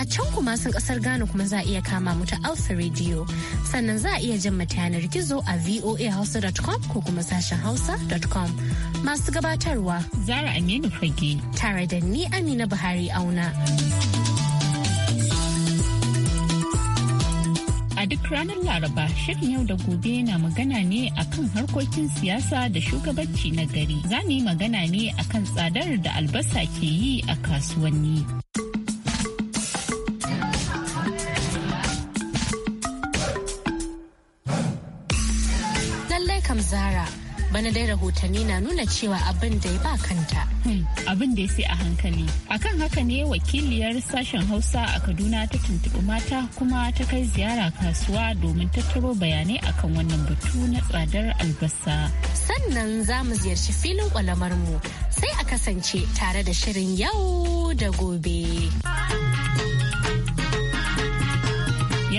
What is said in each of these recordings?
a can kuma sun kasar Ghana kuma za a iya kama mu ta Alpha Radio. Sannan za a iya jan mata yanar gizo a voahausa.com ko kuma sashen hausa.com. Masu gabatarwa Zara Aminu Fage tare da ni Amina Buhari Auna. A duk ranar Laraba shirin yau da gobe na magana ne akan harkokin siyasa da shugabanci na gari. Za mu yi magana ne akan tsadar da albasa ke yi a kasuwanni. bana dai rahotanni na nuna cewa abin da ya ba kanta. Hmm, abin da ya sai a hankali. Akan haka ne wakiliyar sashen Hausa a Kaduna ta tuntuɓi mata kuma ta kai ziyara kasuwa domin tattaro bayanai akan wannan batu na tsadar albasa. Sannan za mu ziyarci filin kwalamar mu sai a kasance tare da shirin yau da gobe.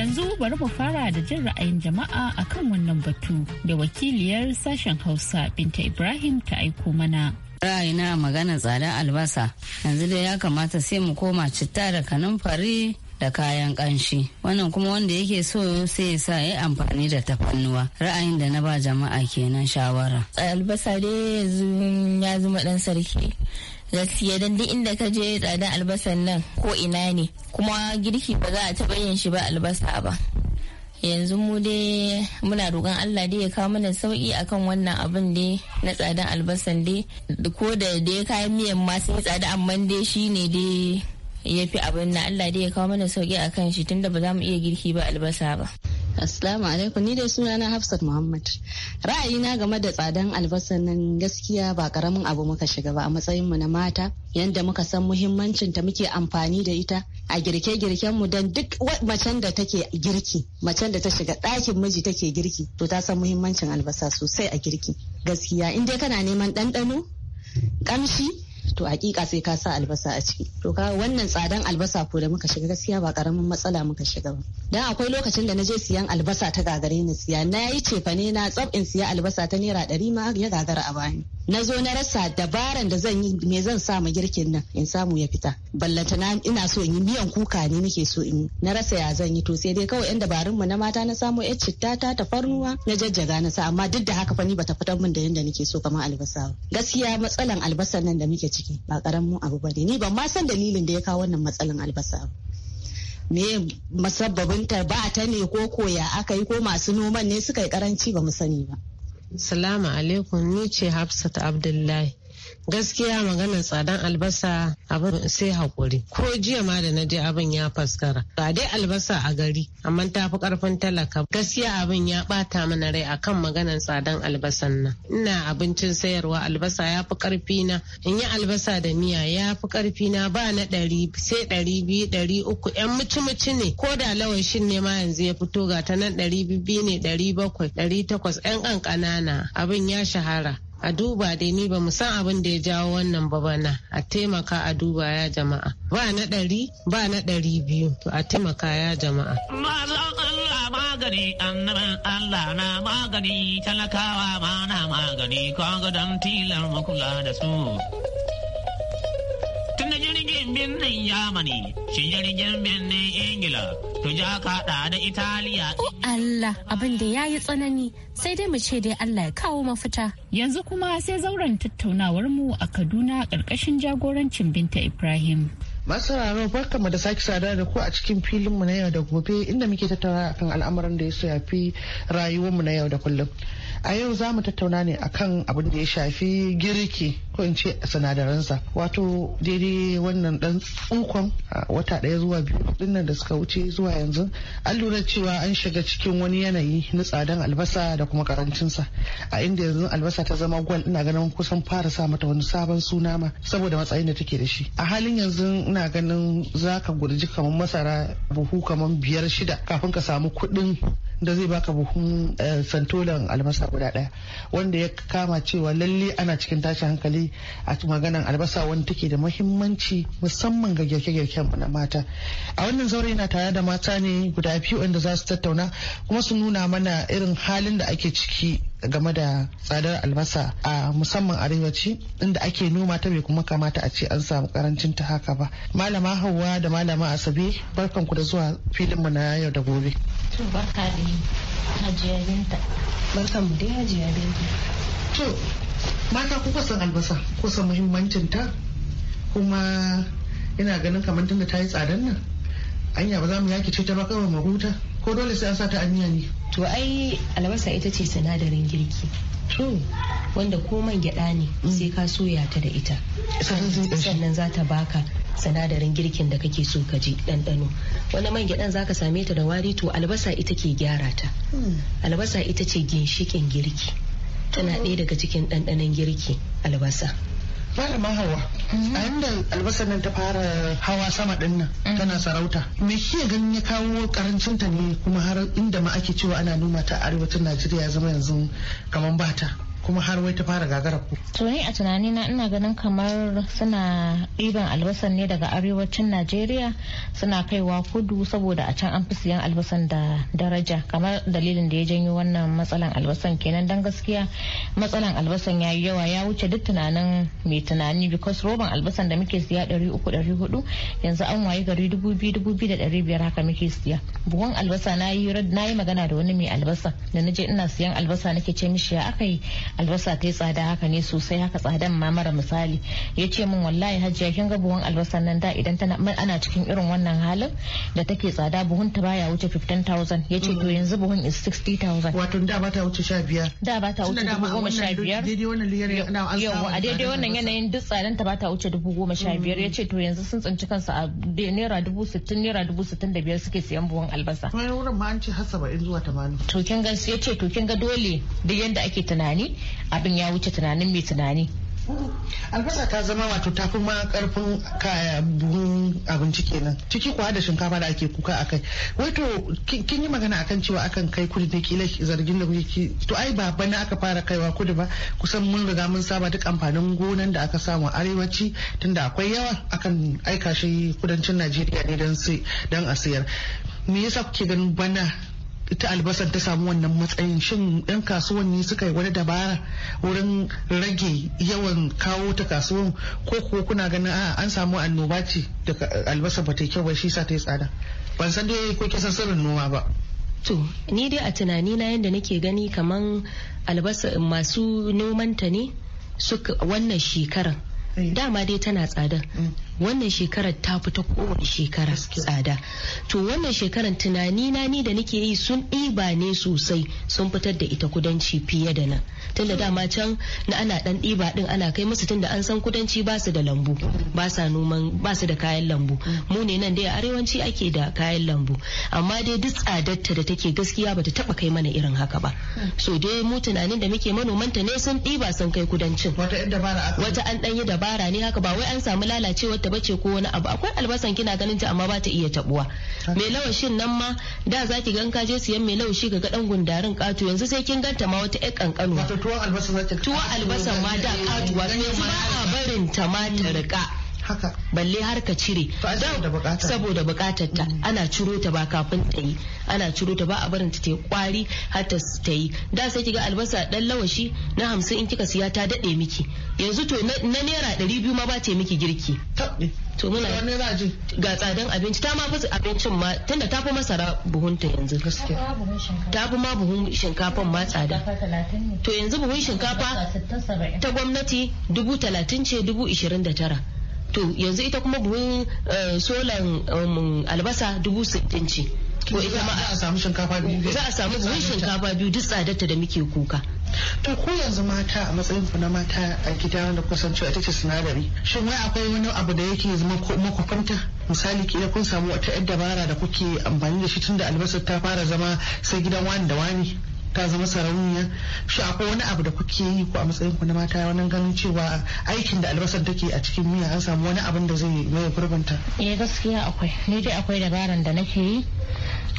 Yanzu bari mu fara da jin ra'ayin jama'a akan wannan batu da wakiliyar sashen Hausa Binta Ibrahim ta aiko mana. Ra'ayina magana tsadar albasa yanzu dai ya kamata sai mu koma citta da fari da kayan kanshi wannan kuma wanda yake so sai ya sa ya amfani da tafannuwa ra'ayin da na ba jama'a kenan shawara albasa dai yanzu ya zama dan sarki gaskiya dan duk inda ka je tsada albasan nan ko ina ne kuma girki ba za a taɓa yin shi ba albasa ba yanzu mu dai muna roƙon Allah dai ya kawo mana sauki akan wannan abin dai na tsadan albasan dai ko da dai kayan miyan ma sun tsada amma dai shine dai ya fi abin na Allah dai ya kawo mana sauki a kan shi tunda ba za mu iya girki ba albasa ba. Assalamu alaikum ni dai suna na Hafsat Muhammad. Ra'ayina game da tsadan albasa nan gaskiya ba karamin abu muka shiga ba a matsayin mu na mata yanda muka san muhimmancin ta muke amfani da ita a girke-girken mu dan duk macen da take girki macen da ta shiga ɗakin miji take girki to ta san muhimmancin albasa sosai a girki gaskiya in dai kana neman ɗanɗano ƙamshi to hakika sai ka sa albasa a ciki to ka wannan tsadan albasa ko da muka shiga gaskiya ba karamin matsala muka shiga ba dan akwai lokacin da na je siyan albasa ta gagare ni siya na yi cefane na tsab in siya albasa ta naira ɗari ma ya gagara a bani na zo na rasa dabaran da zan yi me zan sa ma girkin nan in samu ya fita ballata na ina so in yi miyan kuka ne nake so in na rasa ya zan yi to sai dai kawai yan dabarun mu na mata na samu yar citta ta tafarnuwa na jajjaga na sa amma duk da haka fa ni bata fitar min da yanda nake so kamar albasa gaskiya matsalan albasan nan da muke ciki ba karamin abu bane ni ban ma san dalilin da ya kawo wannan matsalan albasa me masabbabinta ba ta ne ko koya aka yi ko masu noman ne suka yi karanci ba mu sani ba Salamu alaikum ni ce Hafsat Abdullahi. gaskiya magana tsadan albasa abin sai hakuri ko jiya ma da na je abin ya faskara ba dai albasa a gari amma ta fi karfin talaka gaskiya abin ya bata mana rai akan maganan tsadan albasan nan ina abincin sayarwa albasa ya fi karfi na in yi albasa da miya ya fi karfi na ba na ɗari sai ɗari biyu ɗari uku yan muci-muci ne ko da lawashin ne ma yanzu ya fito ga ta nan ɗari biyu ne ɗari bakwai ɗari takwas yan ƙanƙanana abin ya shahara a duba dai ni ba san abin da ya jawo wannan ba bana a taimaka a duba ya jama'a ba na ɗari ba na ɗari biyu to a taimaka ya jama'a. magani annaban Allah na magani talakawa ma na magani kwa don tilar makula da su. Kudin birnin Yamani, shigar jirgin birnin Ingila, tuja kaɗa da Italiya. O oh, Allah, abin da ya yi tsanani, sai dai mu ce dai Allah ya kawo mafita. Yanzu kuma sai zauren tattaunawar mu a Kaduna ƙarƙashin jagorancin Binta Ibrahim. masararo barka mu da sake sada da ku a cikin filin mu na yau da gobe inda muke tattauna akan al'amuran da ya shafi rayuwar mu na yau da kullum a yau za mu tattauna ne akan abin da ya shafi girki ko in ce sinadaransa wato daidai wannan dan tsukon wata daya zuwa biyu dinnan da suka wuce zuwa yanzu an lura cewa an shiga cikin wani yanayi na tsadan albasa da kuma karancinsa a inda yanzu albasa ta zama gwal ina ganin kusan fara sa mata wani sabon suna ma saboda matsayin da take da shi a halin yanzu ina ganin zaka gurji kamar masara buhu kamar biyar shida kafin ka samu kuɗin da zai baka buhun eh, santolan albasa guda daya wanda ya kama cewa lalle ana cikin tashin hankali a maganan albasa wani take da mahimmanci musamman ga girke-girken na mata a wannan zaure yana tare da mata ne guda biyu wanda za su tattauna kuma su nuna mana irin halin da ake ciki game da tsadar albasa a musamman arewaci inda ake noma ta bai kuma kamata a ce an samu karancin ta haka ba malama hauwa da malama asabe barkanku da zuwa filinmu na yau da gobe barka da hajiya binta barkan mu dai hajiya binta to mata kuka san albasa ko san muhimmancin ta kuma ina ganin kamar tunda ta yi tsadan nan anya ba za mu yaki ce ta ba kawai ma ko dole sai an sa ta a ne to ai albasa ita ce sinadarin girki wanda ko man gyada ne mm. sai ka soya ta da ita sannan za ta baka sinadarin girkin da kake so ka ji ɗanɗano wani man gyadan za ka same ta da wari to albasa ita ke gyara ta mm. albasa ita ce ginshikin girki tana ɗaya daga cikin ɗanɗanon girki albasa ma hawa mhm. a yanda albasar nan ta fara hawa sama din nan mm. tana sarauta me ya ganin ya kawo karancin ta ne kuma har inda ma ake cewa ana noma a arewacin najeriya zama yanzu kamar bata kuma har wai ta fara gagarar ku. To ni a na ina ganin kamar suna ɗiban albasan ne daga arewacin Najeriya suna kaiwa kudu saboda a can an fi siyan albasan da daraja kamar dalilin da ya janyo wannan matsalan albasan kenan dan gaskiya matsalan albasan ya yi yawa ya wuce duk tunanin mai tunani because roban albasan da muke siya ɗari uku ɗari hudu yanzu an wayi gari dubu biyu dubu biyu da ɗari biyar haka muke siya buhun albasa na yi magana da wani mai albasa da na je ina siyan albasa nake ce mishi ya aka yi albasa ta yi tsada haka ne sosai haka tsadan ma mara misali ya ce min wallahi hajjiya kin ga buhun albasa nan da idan tana ana cikin irin wannan halin da take tsada buhun ta baya wuce 15000 ya ce to yanzu buhun is 60000 wato da ba ta wuce 15 da ba ta wuce 15000 daidai wannan yawa a daidai wannan yanayin duk tsadan ta ba ta wuce 15000 ya ce to yanzu sun tsinci kansu a naira 60 naira 65 suke siyan buhun albasa Wani wurin ma an ce har 70 zuwa 80 to kin ga ya ce to kin ga dole duk yanda ake tunani abin ya wuce tunanin mai tunani albasa ta zama wato ta fi ma karfin kaya buhun abinci kenan ciki kuwa da shinkafa da ake kuka a akai wato kin yi magana akan cewa akan kai kudu da kila zargin da kuke ki to ai ba bana aka fara kaiwa kudu ba kusan mun riga mun saba duk amfanin gonan da aka samu arewaci tunda akwai yawa akan aika shi kudancin Najeriya ne don a sayar me yasa kuke ganin bana Ta albasar ta samu wannan matsayin shin yan ne suka yi wani dabara wurin rage yawan kawo ta kasuwan ko kuwa kuna ganin a an samu annoba ce da albasar ba ta kyau ba shi sa ta yi tsada ban san dai ko kisan sirrin noma ba to ni dai a tunani na yadda nake gani kaman albasa masu nomanta ne suka wannan shekaran eh. dama dai tana tsada mm. wannan shekarar ta fita kowane shekara tsada to wannan shekarar tunani na ni da nake yi sun ɗiba ne sosai sun fitar da ita kudanci fiye da nan tunda dama can na ana dan ɗiba din ana kai musu tunda an san kudanci ba su da lambu ba sa noman ba su da kayan lambu mu ne nan dai arewanci ake da kayan lambu amma dai duk tsadarta da take gaskiya bata taba kai mana irin haka ba so dai mu tunanin da muke manomanta ne sun ɗiba sun kai kudancin wata an ɗan yi dabara ne haka ba wai an samu lalacewar ta ayaba ce ko wani abu akwai albasan kina ganin ta amma ba ta iya tabuwa mai lawashin nan ma da zaki ki gan kaje siyan mai lawashi ga dan gundarin katu yanzu sai kin ganta ma wata yar kankanuwa tuwa albasan ma da katuwa sai ba a barin ta ma ta rika haka balle har ka cire saboda bukatar ta mm. ana ciro ta ba kafin ta yi ana ciro ta ba a barin ta ta kwari har ta ta yi da sai kiga albasa dan lawashi na hamsin in kika siya ta dade miki yanzu to na naira ɗari biyu ma ba ta miki girki to muna ga tsadan abinci ta ma fi abincin ma tunda ta fi masara buhunta yanzu gaskiya ta fi ma buhun shinkafan ma tsada to yanzu buhun shinkafa ta gwamnati dubu talatin ce dubu ishirin da tara to yanzu ita kuma buhun eh, solan um, albasa dubu sittin ce ko ita ma a samu shinkafa biyu za a samu buhun shinkafa biyu duk tsadarta da muke kuka to ko yanzu mata a matsayin ku na mata a gida wanda kusanci ita ce sinadari shin wai akwai wani abu da yake zama makwafanta misali kila kun samu wata yar dabara da kuke amfani da shi tun da albasar ta fara zama sai gidan wani da wani ta zama sarauniya shi akwai wani abu da kuke yi ko a matsayin ku na mata wannan ganin cewa aikin da albasar take a cikin miya an samu wani abin da zai mai gurbinta eh gaskiya akwai ni dai akwai dabaran da nake yi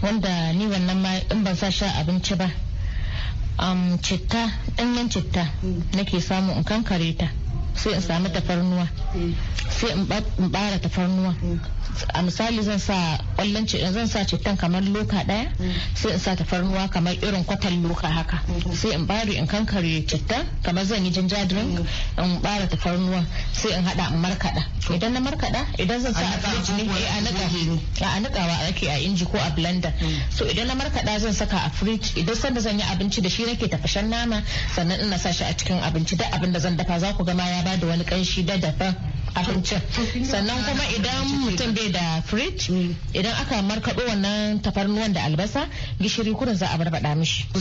wanda ni wannan ma in ban sa sha abinci ba um, citta ɗanyen citta hmm. nake samu in kankare ta sai in sami tafarnuwa sai in bara tafarnuwa a misali zan sa kwallon zan sa cittan kamar loka daya sai in sa tafarnuwa kamar irin kwatan loka haka sai in bari in kankare cittan kamar zan yi jinja drink in bara tafarnuwa sai in hada in markada idan na markada idan zan sa a fridge ne eh, a nika a nikawa ake a inji ko a blender so idan na markada zan saka a fridge idan sanda zan yi abinci da shi nake tafashen nama sannan ina sa shi a cikin abinci duk abin da zan dafa za ku ga ma ya ba da wani kanshi da dafa abincin sannan kuma idan mutum bai da fridge mm. idan aka markaɗo wannan tafarnuwan da albasa gishiri kurin za a barbaɗa mishi ko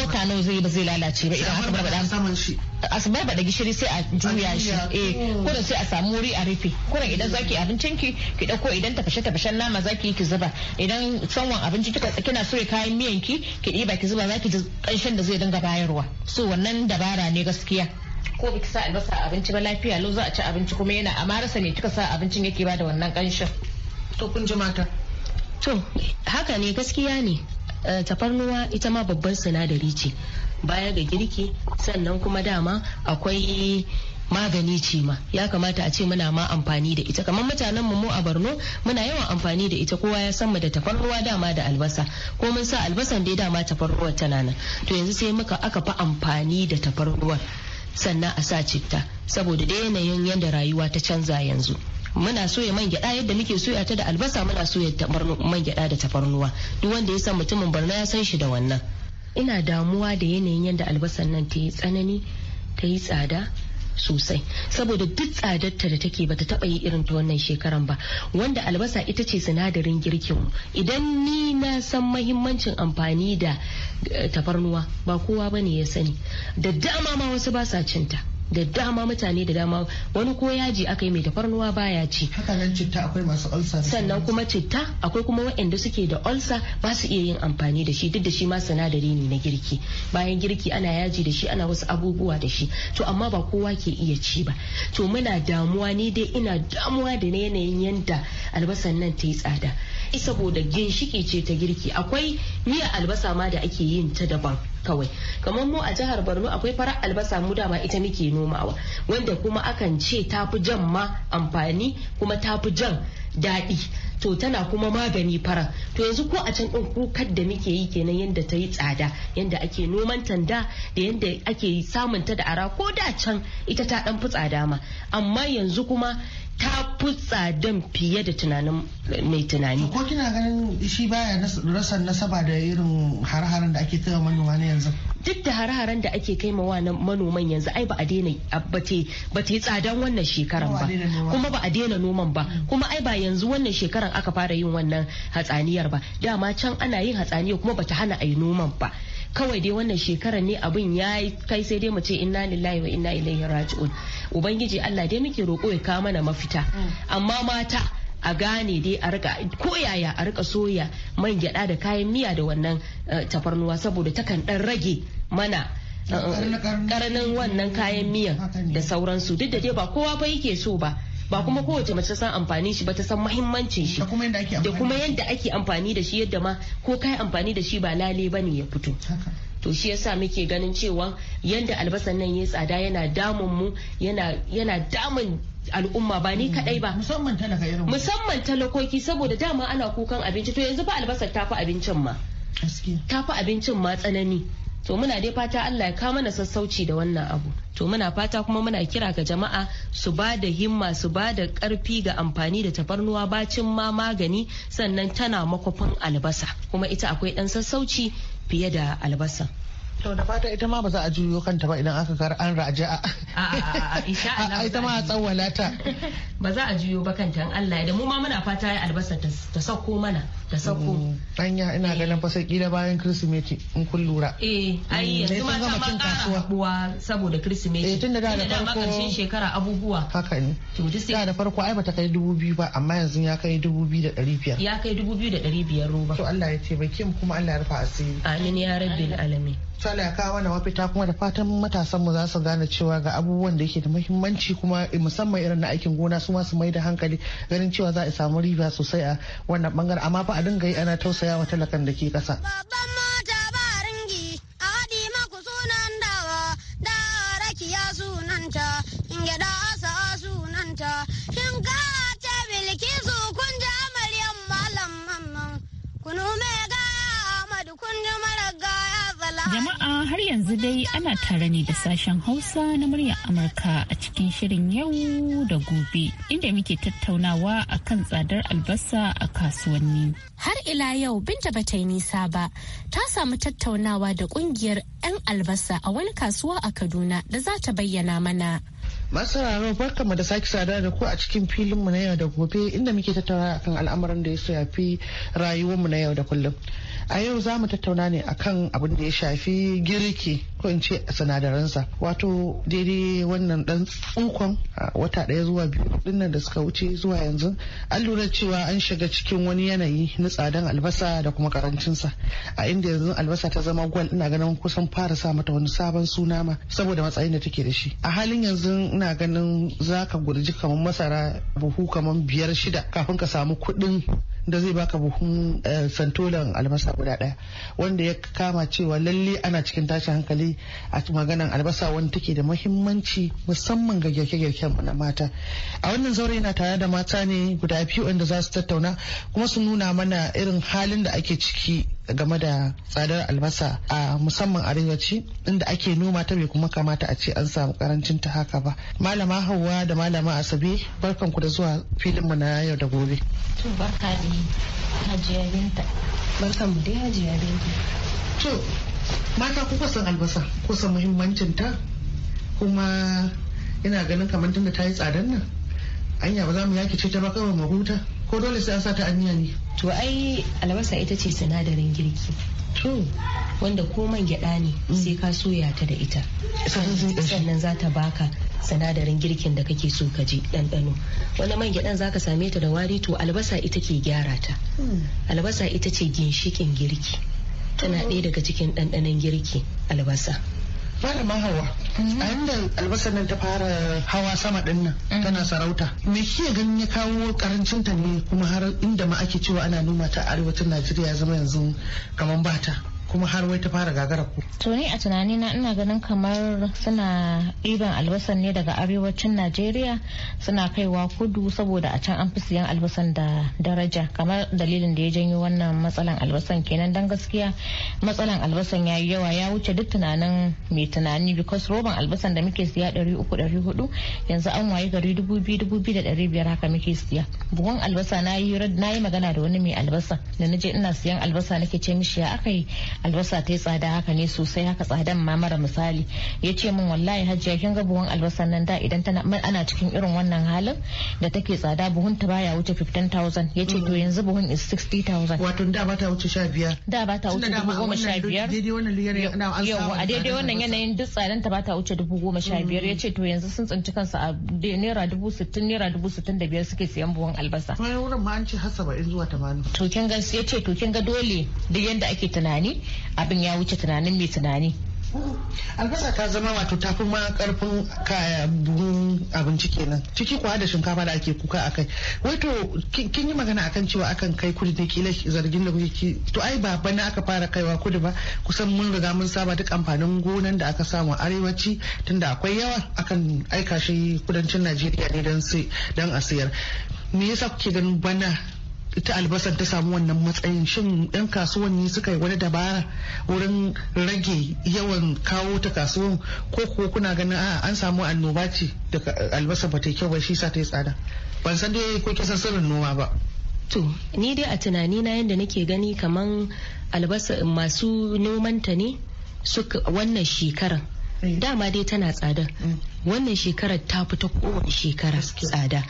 wata nawa zai ba zai lalace ba idan aka barbaɗa mishi a su barbaɗa gishiri sai a juya shi eh oh. kurin sai a samu wuri a rufe kurin idan zaki abincin ki ki ɗauko idan tafashe tafashen nama zaki ki zuba idan sanwan abinci kika kina so kayan miyan ki ki ɗiba ki zuba zaki ji ƙanshin da zai dinga bayarwa so wannan dabara ne gaskiya ko biki sa albasa abinci ba lafiya lau za a ci abinci kuma yana amarasa me kika sa abincin yake ba da wannan kanshin to kun ji mata to haka ne gaskiya ne eh, tafarnuwa ita ma babban sinadari ce baya ga girki sannan kuma dama akwai magani ce ma ya kamata a ce muna ma amfani da ita kamar mutanen mu a Borno muna yawan amfani da ita kowa ya san mu da tafarnuwa dama da albasa ko mun sa albasan dai dama tafarnuwar tana nan to yanzu sai muka aka fa amfani da tafarnuwar sannan a sa citta saboda da yanayin yadda rayuwa ta canza yanzu muna soya man gyada yadda muke soya ta da albasa muna soya man gyada da tafarnuwa duk wanda ya san mutumin barna ya san shi da wannan ina damuwa da yanayin yadda albasan nan ta yi tsanani ta yi tsada sosai saboda duk tsadarta da take bata taba yi irin ta wannan shekaran ba wanda albasa ita ce sinadarin girkin idan ni na san mahimmancin amfani da eh, tafarnuwa ba kowa bane ya sani da dama ma wasu ba sa cinta da dama mutane da dama wani ko yaji aka yi mai tafarnuwa baya ci hakanan citta akwai masu ulsa. sannan kuma citta akwai kuma waɗanda suke da ulsa ba su iya yin amfani da shi duk da shi ma sinadari ne na girki bayan girki ana yaji da shi ana wasu abubuwa da shi to amma ba kowa ke iya ci ba to muna damuwa ni dai ina damuwa da na yanayin yanda albasan nan ta yi tsada saboda ginshiki ce ta girki akwai miya albasa ma da ake yin ta daban kawai kamar mu a jihar borno akwai farar albasa mu dama ita muke nomawa wanda kuma akan ce tafi jan ma amfani kuma tafi jan daɗi to tana kuma magani fara to yanzu ko a can ɗin kukar da muke yi kenan yadda ta yi tsada yadda ake noman tanda da yadda ake samun ta da ara ko da can ita ta ɗan fi tsada ma amma yanzu kuma ta fi tsadan fiye da tunanin mai tunani. Ko kina ganin shi baya rasa nasaba da irin har-haren da ake kai manoma na yanzu? Duk da har-haren da ake kai wa manoman yanzu ai ba a daina ba ta yi tsadan wannan shekaran ba kuma ba a daina noman ba mm. kuma ai ba yanzu wannan shekaran aka fara yin wannan hatsaniyar ba dama can ana yin hatsaniyar kuma ba ta hana a yi noman ba. kawai dai wannan shekarar ne abin ya kai sai dai mu ce inna lillahi wa inna ilaihi raji'un ubangiji Allah dai muke roƙo ya kawo mana mafita mm. amma mata a gane dai a rika koyaya a rika soya man gyada da kayan miya da wannan eh, tafarnuwa saboda takan dan rage mana eh, karanin wannan kayan miyan da sauransu duk da dai ba kowa ba yake so ba ba kuma kowace mace san amfani shi ba ta san muhimmancin shi da kuma yadda ake amfani da shi yadda ma ko kai amfani da shi ba lale bane ya fito to shi yasa muke ganin cewa yadda albasan nan ya tsada yana damun mu yana damun al'umma ba ni kadai ba musamman talaka irin musamman talakoki saboda dama ana kukan abinci to yanzu fa albasar ta fi abincin ma ta fi abincin ma tsanani to muna dai fata Allah ya ka mana sassauci da wannan abu to muna fata kuma muna kira ga jama'a su ba da himma su ba da karfi ga amfani da tafarnuwa bacin ma magani sannan tana makwafin albasa kuma ita akwai dan sassauci fiye da albasa To da fata ita ma ba za a juyo kanta ba idan aka kar an raja a a Ita ma a tsawwala ta. Ba za a juyo ba kanta an Allah ya da mu ma muna fata ya albasa ta sauko mana ta sauko. Mm, anya ina eh. ganin fa sai kila bayan Kirsimeti in kun lura. Eh ai mm, yanzu ma ta ma kara haɗuwa saboda Kirsimeti. Eh tunda da da farko. makarshen shekara abubuwa. Haka ne. To duk sai da farko ai bata kai dubu biyu ba amma yanzu ya kai dubu biyu da ɗari biyar. Ya kai dubu biyu da ɗari biyar roba. To Allah ya ce ba mu kuma Allah ya rufa asiri. Amin ya rabbil alamin. Allah ya kawo mana mafita kuma da fatan matasan mu za su gane cewa ga abubuwan da yake da muhimmanci kuma musamman irin na aikin gona su ma su mai da hankali ganin cewa za a samu riba sosai a wannan bangare amma fa a dinga yi ana tausaya wa talakan da ke kasa. kunu ga Ahmadu kun ji mara gaya. Jama'a har yanzu dai ana tare ne da sashen Hausa na muryar Amurka a cikin shirin yau da gobe inda muke tattaunawa a kan tsadar albasa a kasuwanni. Har ila yau Binta ba ta yi nisa ba ta samu tattaunawa da kungiyar 'yan albasa a wani kasuwa a Kaduna da za ta bayyana mana. masararo barkanmu da sake sadar da ku a cikin filin mu na yau da gobe inda muke tattauna akan al'amuran da ya shafi mu na yau da kullum a yau za mu tattauna ne akan abin da ya shafi girki ko in ce sinadaransa wato daidai wannan dan tsukon wata daya zuwa biyu dinnan da suka wuce zuwa yanzu an lura cewa an shiga cikin wani yanayi na tsadan albasa da kuma karancinsa a inda yanzu albasa ta zama gwal ina ganin kusan fara sa mata wani sabon suna ma saboda matsayin da take da shi a halin yanzu ina ganin zaka gurji kamar masara buhu kamar biyar shida kafin ka samu kuɗin da zai baka buhun eh, santolan albasa guda daya wanda ya kama cewa lalle ana cikin tashin hankali a maganan albasa wanda take da mahimmanci musamman ga girke-girken na mata a wannan zaure yana tare da mata ne guda biyu wanda za su tattauna kuma su nuna mana irin halin da ake ciki game da tsadar albasa a musamman arewaci inda ake noma ta bai kuma kamata a ce an samu karancin ta haka ba malama hauwa da malama asabe barkan ku da zuwa filin mu na yau da gobe to barka ne hajiya binta barkan mu dai hajiya binta to mata kuka san albasa kusan muhimmancin kuma ina ganin kamar tunda ta yi tsadan nan anya ba za mu yaki ce ta ba kawai mu huta ko dole sai an sa ta anya ne to ai albasa ita ce sinadarin girki to wanda ko man gyada ne mm. sai ka soya ta da ita sannan za ta baka sinadarin girkin da kake so ka je ɗanɗano wani man gyaɗa zaka same ta da wari to albasa ita ke gyara ta mm. albasa ita ce ginshikin girki tana ɗaya daga cikin ɗanɗanon girki albasa ma hawa mhm. a yadda albasar nan ta fara hawa sama din nan mhm. tana sarauta me ya ganin ya kawo karancin ta ne kuma har inda ma ake cewa ana noma ta arewacin Najeriya zama yanzu kamar bata kuma har wai ta fara gagara ko. To ni a tunani na ina ganin kamar suna ɗiban albasan ne daga arewacin Najeriya suna kaiwa kudu saboda a can an fi siyan albasan da daraja kamar dalilin da ya janyo wannan matsalan albasan kenan dan gaskiya matsalan albasan ya yi yawa ya wuce duk tunanin mai tunani because roban albasan da muke siya ɗari uku ɗari hudu yanzu an waye gari dubu biyu dubu biyu da ɗari biyar haka muke siya buhun albasa na yi magana da wani mai albasa da na je ina siyan albasa nake ce mishi ya aka yi albasa ta yi tsada haka ne sosai haka tsadan ma mara misali ya ce min wallahi hajiya kin ga buhun albasa nan da idan tana ana cikin irin wannan halin da take tsada buhun ta baya wuce 15,000 ya ce to mm. yanzu buhun is 60,000 wato da ba ta wuce 15 da ba ta wuce 15,000 daidai wannan yanayin a daidai wannan yanayin duk tsadan ta ba ta wuce 15,000 mm. ya ce to yanzu sun tsinci kansu a naira 60,000 naira 65,000 suke siyan buhun albasa Wani wurin ma an ce har 70 zuwa 80 to kin ga ya ce to kin ga dole duk yanda ake tunani abin ya wuce tunanin mai tunani albasa ta zama wato ta fi ma karfin buhun abinci kenan ciki kuwa da shinkafa da ake kuka a kai wai kin yi magana akan cewa akan kai kudu da kila zargin da kuke to ai ba bana aka fara kaiwa kudi ba kusan mun riga mun saba duk amfanin gonan da aka samu a arewaci tunda akwai yawa akan aika shi kudancin najeriya ne don a siyar me yasa kuke ganin bana ita albasar ta samu wannan matsayin shin yan kasuwanni suka yi wani dabara wurin rage yawan kawo ta kasuwan ko ko kuna ganin a an samu annoba ce da albasar ba ta kyau ba shi sa ta yi tsada ban san dai ko kisan sirrin noma ba to ni dai a tunani na yadda nake gani kamar albasa masu noman ta ne suka wannan shekaran eh. dama dai tana tsada mm. wannan shekarar ta fita kowace shekara tsada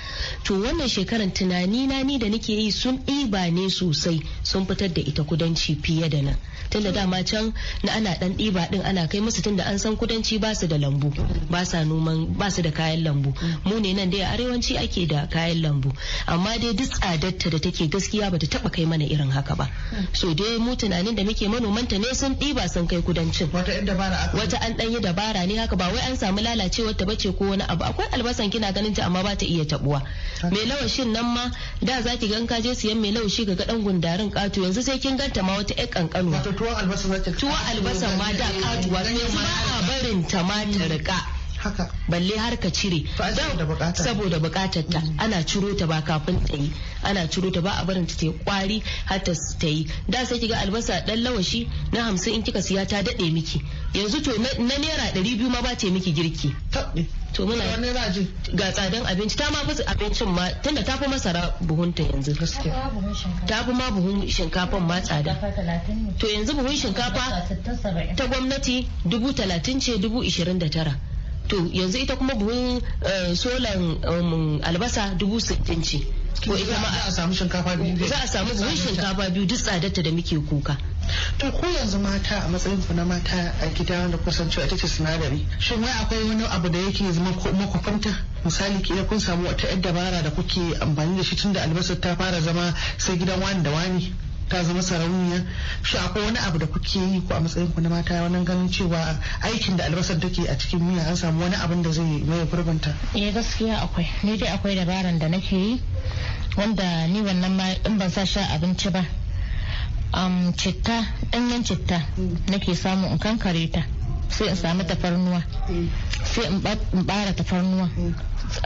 to wannan shekarar tunani na ni da nake yi sun ɗiba ne sosai sun fitar da ita kudanci fiye da nan tunda dama can na ana ɗan ɗiba din ana kai musu tunda an san kudanci ba su da lambu ba sa noman ba su da kayan lambu mu ne nan dai a arewanci ake da kayan lambu amma dai duk tsadarta da take gaskiya bata taba kai mana irin haka ba so dai mu tunanin da muke manomanta ne sun ɗiba sun kai kudancin wata an ɗan yi dabara ne haka ba wai an samu lalacewar ta bace ko wani abu akwai albasan kina ganin ta amma ba ta iya tabuwa mai lawashin nan ma da zaki gan ka je siyan mai lawashi ga gadan gundarin katu yanzu sai kin ganta ma wata ƴar kankanuwa tuwa albasan ma da katuwa yanzu ba barin ta ma ta rika haka balle har ka cire saboda bukatar ta mm-hmm. ana ciro ta ba kafin ta yi ana ciro ta ba a barin ta kwari har ta yi da sai kiga albasa dan lawashi na hamsin in kika siya ta dade miki yanzu to na naira ɗari biyu ma ba ce miki girki to muna ga tsadan abinci ta ma fi abincin ma tunda ta fi masara buhunta yanzu ta fi ma buhun shinkafan ma tsada to yanzu buhun shinkafa ta gwamnati dubu talatin ce dubu ishirin da tara to yanzu ita kuma buhun eh, solan um, albasa dubu sittin ce ko ita ma a samu shinkafa biyu za a samu buhun shinkafa biyu duk tsadarta da muke kuka to ko yanzu mata a matsayin ku na mata a gida wanda kusanci a tace sinadari shin wai akwai wani abu da yake zama makwafanta misali ke kun samu wata yadda dabara da kuke amfani da shi tun da albasar ta fara zama sai gidan wani da wani ta zama sarauniya shi akwai wani abu da kuke yi ko a matsayin ku na mata wani ganin cewa aikin da albasar take a cikin miya an samu wani abin da zai mai gurbinta eh gaskiya akwai ni dai akwai dabaran da nake yi wanda ni wannan ma in ban sa sha abinci ba um, citta ɗanyen citta hmm. nake samu in kankare ta sai in samu tafarnuwa sai in bara tafarnuwa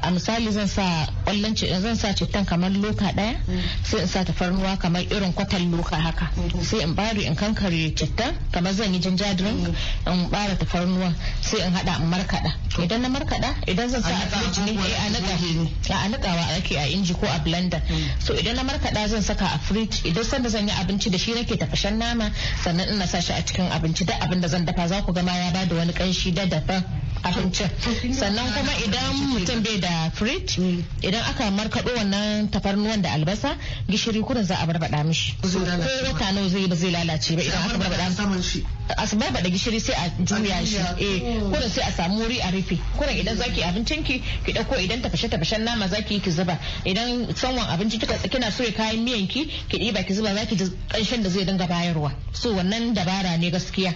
a misali zan sa kwallon zan sa cittan kamar loka daya sai in sa tafarnuwa kamar irin kwatan loka haka sai in bari in kankare cittan kamar zan yi jinja drink in bara tafarnuwa sai in hada in markada idan na markada idan zan sa a eh, fridge ne a nika a nikawa ake a inji ko a blender so idan na markada zan saka a fridge idan sanda zan yi abinci da shi nake tafashen nama sannan ina sa shi a cikin abinci duk abin da zan dafa za ku ga ma ya Ba da wani kanshi da dafa abincin sannan kuma idan mutum bai da fridge mm. idan aka markaɗo wannan tafarnuwan da albasa gishiri kurin za a barbaɗa mishi ko eh, wata nawa zai zai lalace ba idan aka barbaɗa shi a barbaɗa gishiri sai a juya shi eh mm. kurin sai a samu wuri a rufe kurin idan zaki abincin ki ki dauko idan tafashe tafashen nama zaki ki zuba idan sanwan abinci kika kina so ya kayan miyan ki ki ɗiba ki zuba zaki ji ƙanshin da zai dinga bayarwa so wannan dabara ne gaskiya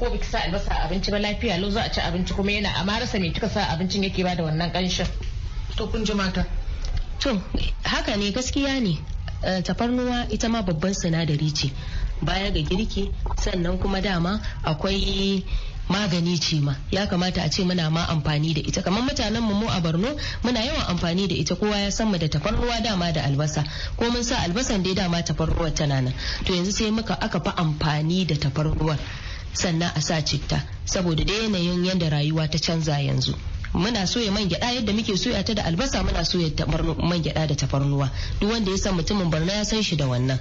ko biki sa albasa a abinci ba lafiya lau za a ci abinci kuma yana marasa me kika sa abincin yake bada wannan kanshin to kun ji mata to haka ne gaskiya ne eh, tafarnuwa ita ma babban sinadari ce baya ga girki sannan kuma dama akwai magani ce ma ya kamata a ce muna ma amfani da ita kamar mutanen mu a Borno muna yawan amfani da ita kowa ya san mu da tafarnuwa dama da albasa ko mun sa albasan dai dama tafarnuwar tana nan to yanzu sai muka aka fi amfani da tafarnuwar sannan a sa citta saboda da yanayin yadda rayuwa ta canza yanzu muna soya man gyada yadda muke soya ta da albasa muna soya man gyada da tafarnuwa duk wanda ya san mutumin barna ya san shi da wannan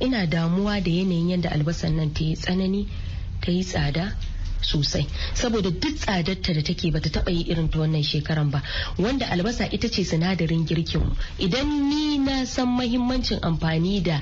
ina damuwa da yanayin yadda albasan nan ta yi tsanani ta yi tsada sosai saboda duk tsadarta da take bata taba yi irin ta wannan shekaran ba wanda albasa ita ce sinadarin girkin mu idan ni na san mahimmancin amfani da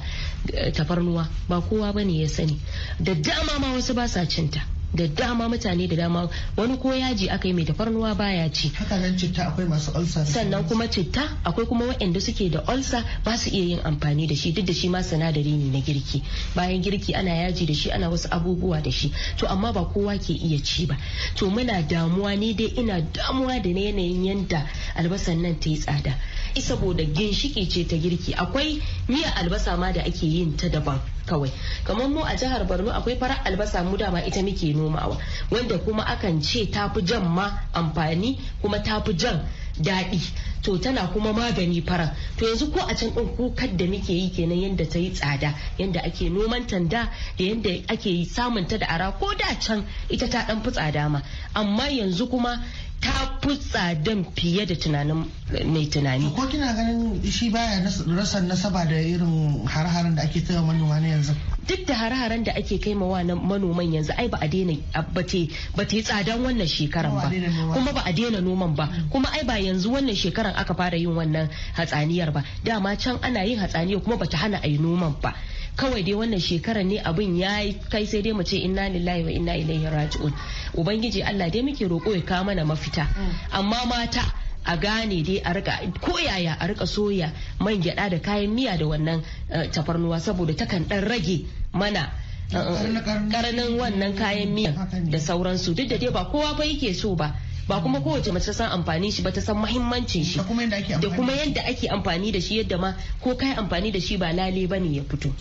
eh, tafarnuwa ba kowa bane ya sani da dama ma wasu ba sa cinta da dama mutane da dama wani ko yaji aka yi mai tafarnuwa baya ci hakanan citta akwai masu ulsa. sannan kuma citta akwai kuma waɗanda suke da ulsa ba su iya yin amfani da shi duk da shi ma sinadari ne na girki bayan girki ana yaji da shi ana wasu abubuwa da shi to amma ba kowa ke iya ci ba to muna damuwa ne dai ina damuwa da na yanayin yanda albasan nan ta yi tsada saboda ginshiki ce ta girki akwai miya albasa ma da ake yin ta daban kawai kamar mu a jihar borno akwai farar albasa mu dama ita muke nomawa wanda kuma akan ce tafi jan ma amfani kuma tafi jan daɗi to tana kuma magani fara to yanzu ko a can ɗin kukar da muke yi kenan yadda ta yi tsada yadda ake noman tanda da yadda ake samun ta da ara ko da can ita ta ɗan fi tsada ma amma yanzu kuma ta fi tsadan fiye da tunanin mai tunani. Ko kina ganin shi baya rasa nasaba da irin har-haren da ake kai manoma na yanzu? Duk da har-haren da ake kai wa manoman yanzu ai ba a daina ba ta yi tsadan wannan shekaran ba kuma ba a daina noman ba mm. kuma ai ba yanzu wannan shekaran aka fara yin wannan hatsaniyar ba dama can ana yin hatsaniyar kuma ba ta hana a yi noman ba. kawai dai wannan shekarar ne abin ya kai sai dai mu ce inna lillahi wa inna ilaihi raji'un ubangiji Allah dai muke roƙo ya kawo mana mafita mm. amma mata a gane dai a rika koyaya a rika soya man gyada da kayan miya da wannan eh, tafarnuwa saboda takan dan rage mana karanin eh, wannan kayan miya da sauransu duk da dai ba kowa ba yake so ba ba kuma kowace mace san amfani shi ba ta san muhimmancin shi da kuma yadda ake amfani da shi yadda ma ko kai amfani da shi ba lale bane ya fito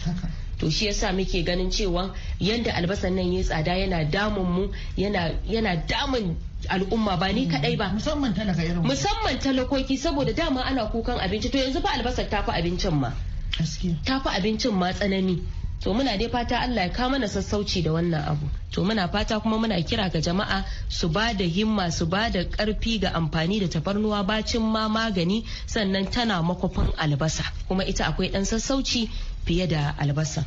to shi yasa muke ganin cewa yadda albasan nan ya tsada yana damun mu yana damun al'umma ba ni hmm. kadai ba musamman talaka irin musamman talakoki saboda dama ana kukan abinci to yanzu fa albasar tafi abincin ma tafi abincin ma tsanani to muna dai fata Allah ya ka mana sassauci da wannan abu to muna fata kuma muna kira ga jama'a su ba da himma su ba da karfi ga amfani da tafarnuwa bacin ma magani sannan tana makwafin albasa kuma ita akwai dan sassauci fiye da albasa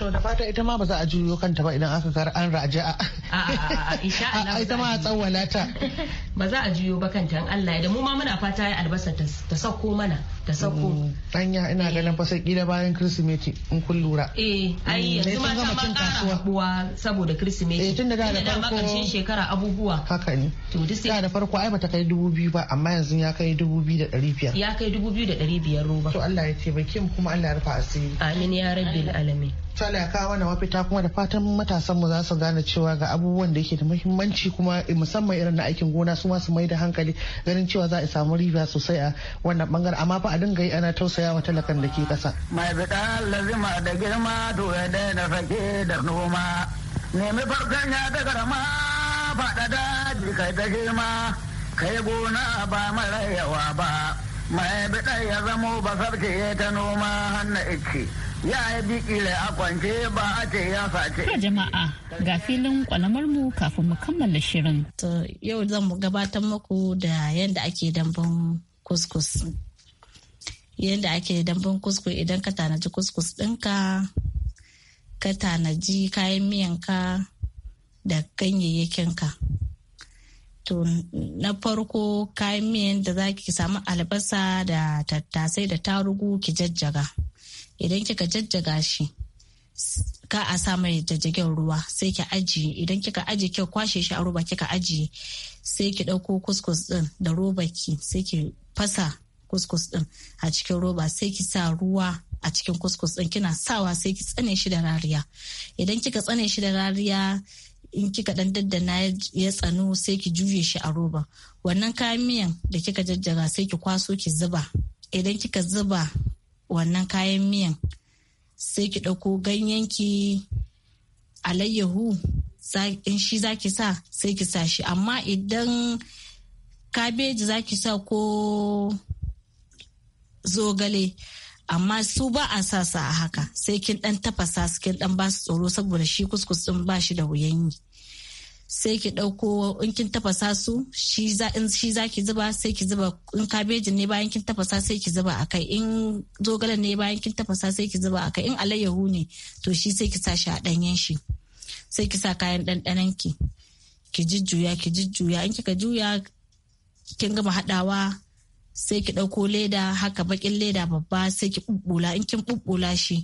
To da fata ita ma ba za a juyo kanta ba idan aka kar an raja'a. A a Ita ma a tsawwala ta. Ba za a juyo ba kanta an Allah ya da mu ma muna fata ya albasa ta sauko mana ta sauko. Mm, Anya ina eh. ganin fa sai kila bayan Kirsimeti in kun lura. Eh ai mm, yanzu ma ta ma kara hakuwa saboda Kirsimeti. Eh tun da da farko. Tun shekara abubuwa. Haka ne. To duk sai da farko ai bata kai dubu biyu ba amma yanzu ya kai dubu biyu da ɗari biyar. Ya kai dubu biyu da ɗari biyar roba. To Allah ya ce kim kuma Allah ya rufa asiri. Amin ya rabbil alamin. talakawa wani mafita kuma da fatan matasan mu za su gane cewa ga abubuwan da yake da muhimmanci kuma musamman irin na aikin gona su masu mai da hankali ganin cewa za a samu riba sosai a wannan bangare amma fa a dinga yi ana tausaya wa talakan da ke kasa. mai bida lazima da girma to ya daina sake da noma nemi farkon ya da karama faɗa daji kai ta girma kai gona ba mara yawa ba mai bida ya zamo sarki ya ta noma hannu ice ya yi bikila a kwance ba a ce ya face. Ka jama'a ga filin kwalamar mu kafin mu kammala shirin. Yau zan mu gabatar muku da yadda ake damban kuskus. Yadda ake damban kuskus idan ka tanaji kuskus ɗinka, ka tanaji kayan miyanka da ganyayyakinka. To na farko kayan miyan da za ki samu albasa da tattasai da tarugu ki jajjaga. idan kika jajjaga shi ka a sa mai jajjagen ruwa sai ki ajiye idan kika ajiye kyau kwashe shi a roba kika ajiye sai ki ɗauko kuskus ɗin da roba ki sai ki fasa kuskus ɗin a cikin roba sai ki sa ruwa a cikin kuskus ɗin kina sawa sai ki tsane shi da rariya idan kika tsane shi da rariya in kika dan daddana ya tsano sai ki juye shi a roba wannan kayan miyan da kika jajjaga sai ki kwaso ki zuba idan kika zuba wannan kayan miyan sai ki ɗauko ganyenki alayyahu in shi za ki sa sai ki sa shi amma idan kabeji za ki sa ko zogale amma su ba a sa sa a haka sai kin dan tafasa su kin dan ba su tsoro saboda shi kuskus din ba shi da wuyan yi sai ki ɗauko in kin tafasa su shi za ki zuba sai ki zuba in kabejin ne bayan kin tafasa sai ki zuba a kai in zogalen ne bayan kin tafasa sai ki zuba a kai in alayyahu ne to shi sai ki sa shi a ɗanyen shi sai ki sa kayan ɗanɗanon ki ki jujjuya ki jujjuya in kika juya kin gama haɗawa sai ki ɗauko leda haka baƙin leda babba sai ki ɓuɓɓula in kin ɓuɓɓula shi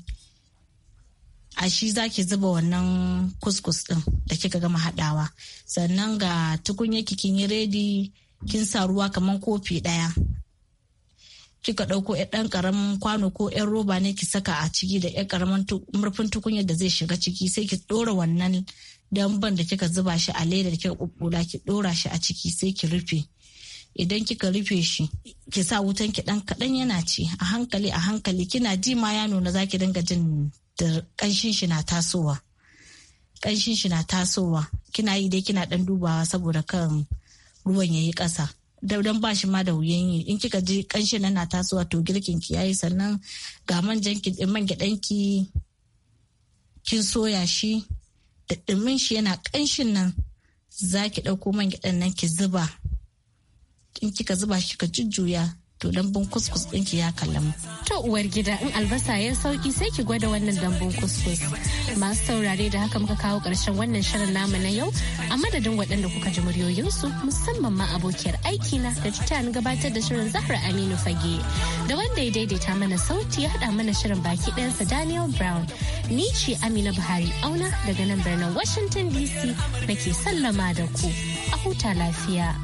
a shi zaki zuba wannan kuskus din da kika gama haɗawa sannan ga tukunya kin yi redi kin sa ruwa kamar kofi ɗaya kika ɗauko ɗan ƙaramin kwano ko ɗan roba ne ki saka a ciki da ɗan ƙaramin murfin tukunyar da zai shiga ciki sai ki ɗora wannan damban da kika zuba shi a leda da kika kukkula ki ɗora shi a ciki sai ki rufe idan kika rufe shi ki sa wutan ki ɗan kaɗan yana ci a hankali a hankali kina ji ma ya nuna zaki dinga jin da ƙanshin shi na tasowa ƙanshin shi na tasowa kina yi dai kina ɗan dubawa saboda kan ruwan yayi ƙasa daudan ba shi ma da wuyan yi in kika ji ƙanshin nan na tasowa to girkin ki yayi sannan ga manjan ki man gidan ki kin soya shi da dimin shi yana ƙanshin nan zaki dauko ɗauko man gidan nan ki zuba in kika zuba shi ka jujjuya to dambun kuskus ki ya kalla mu. To uwar gida in albasa ya sauki sai ki gwada wannan dambun kuskus. Masu saurare da haka muka kawo ƙarshen wannan shirin namu na yau a madadin waɗanda kuka ji muryoyinsu musamman ma abokiyar aiki na da ta gabatar da shirin Zahra Aminu Fage. Da wanda ya daidaita mana sauti ya haɗa mana shirin baki ɗayansa Daniel Brown. Ni ce Amina Buhari auna daga nan birnin Washington DC nake sallama da ku. A huta lafiya.